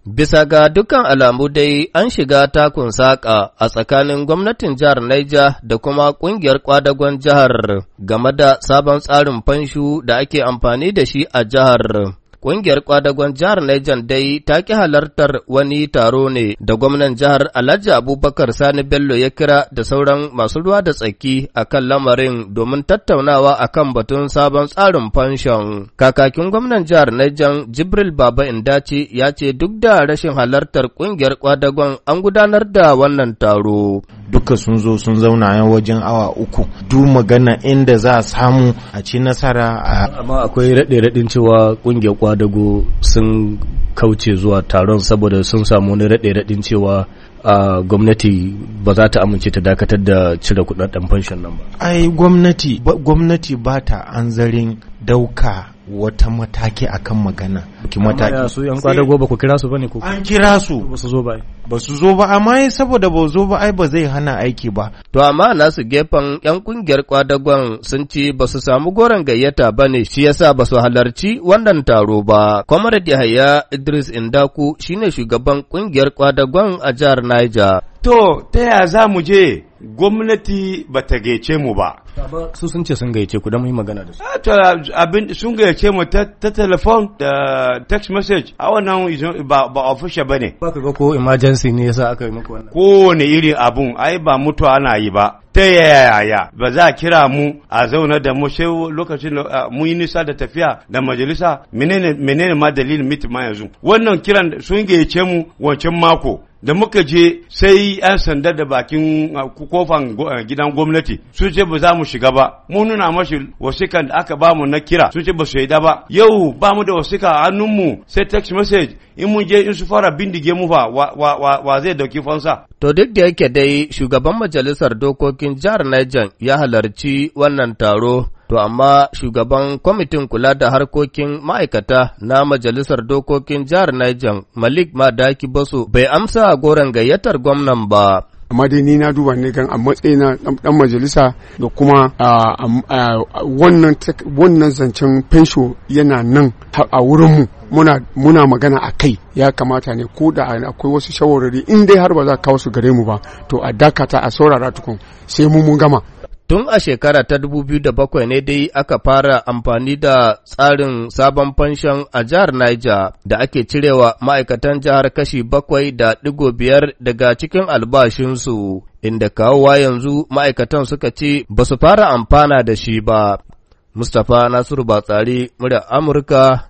Bisa ga dukkan alamu dai an shiga takun saƙa a tsakanin gwamnatin jihar Niger da kuma ƙungiyar kwadagon jihar game da sabon tsarin fanshu da ake amfani da shi a jihar. Ƙungiyar kwadagon jihar Niger dai ta ki halartar wani taro ne da gwamnan jihar Alhaji Abubakar Sani Bello ya kira da sauran masu ruwa da tsaki a kan lamarin domin tattaunawa a kan batun sabon tsarin fanshon. Kakakin gwamnan jihar Niger Jibril Baba Indaci ya ce duk da rashin halartar ƙungiyar kwadagon an gudanar da wannan taro. duka sun zo sun zauna yan wajen awa uku du magana inda za a samu a ci nasara amma akwai raɗe-raɗin cewa ƙungiyar kwadago sun kauce zuwa taron saboda sun samu wani raɗe-raɗin cewa a gwamnati ba za ta amince ta dakatar da cire kudaden fanshon nan ba ai gwamnati gwamnati ba ta anzarin dauka wata mataki akan magana ki mataki su yan kwada ku kira su bane ku an kira su ba su zo ba ba zo ba amma saboda ba zo ba ai ba zai hana aiki ba to amma nasu gefen yan kungiyar kwadagon sun ci basu samu goron gayyata bane shi yasa ba halarci wannan taro ba comrade Yahaya Idris Indaku shine shugaban kungiyar kwadagon a jihar Niger to ta ya za mu je gwamnati ba ta gaice mu ba. Su sun ce sun gaice ku don yi magana da su. Ah, ah, abin sun gaice mu ta telefon da text message a wannan ba ofisha ba ne. Ba ka ga ko emergency ne yasa aka yi muku wannan. Kowane irin abun ai ba mutuwa ana yi ba. ta yaya ba za a kira mu a zauna da mu sai lokacin ah, mu yi nisa da tafiya da majalisa menene ma dalilin miti ma yanzu wannan kiran sun gayyace mu wancan mako da muka je sai 'yan sanda da bakin kofan gidan gwamnati su ce ba za mu shiga ba mun nuna mashi wasikan da aka bamu na kira su ce ba su yada ba yau ba mu da wasika a hannunmu sai text message in mun je in su fara bindige mu fa wa zai dauki fansa To duk da yake dai shugaban majalisar dokokin jihar Niger ya halarci wannan taro, to amma shugaban kwamitin kula da harkokin ma'aikata na majalisar dokokin jihar Niger Malik Madaki Baso bai amsa a goron gayyatar gwamnan ba. amma dai ni na duba ne kan a matsayina dan majalisa da kuma wannan zancen fensho yana nan a wurinmu muna muna magana a kai ya kamata ne ko da akwai wasu shawarari in dai har ba za kawo su gare mu ba to a dakata a saurara tukun sai mu mun gama Tun a shekara ta 2007 ne dai aka fara amfani da tsarin sabon fanshon a jihar Niger da ake cirewa ma'aikatan jihar kashi bakwai da ɗigo biyar daga cikin albashinsu, inda kawowa yanzu ma'aikatan suka ce ba su fara amfana da shi ba. Mustapha Nasiru Batsari, murya Amurka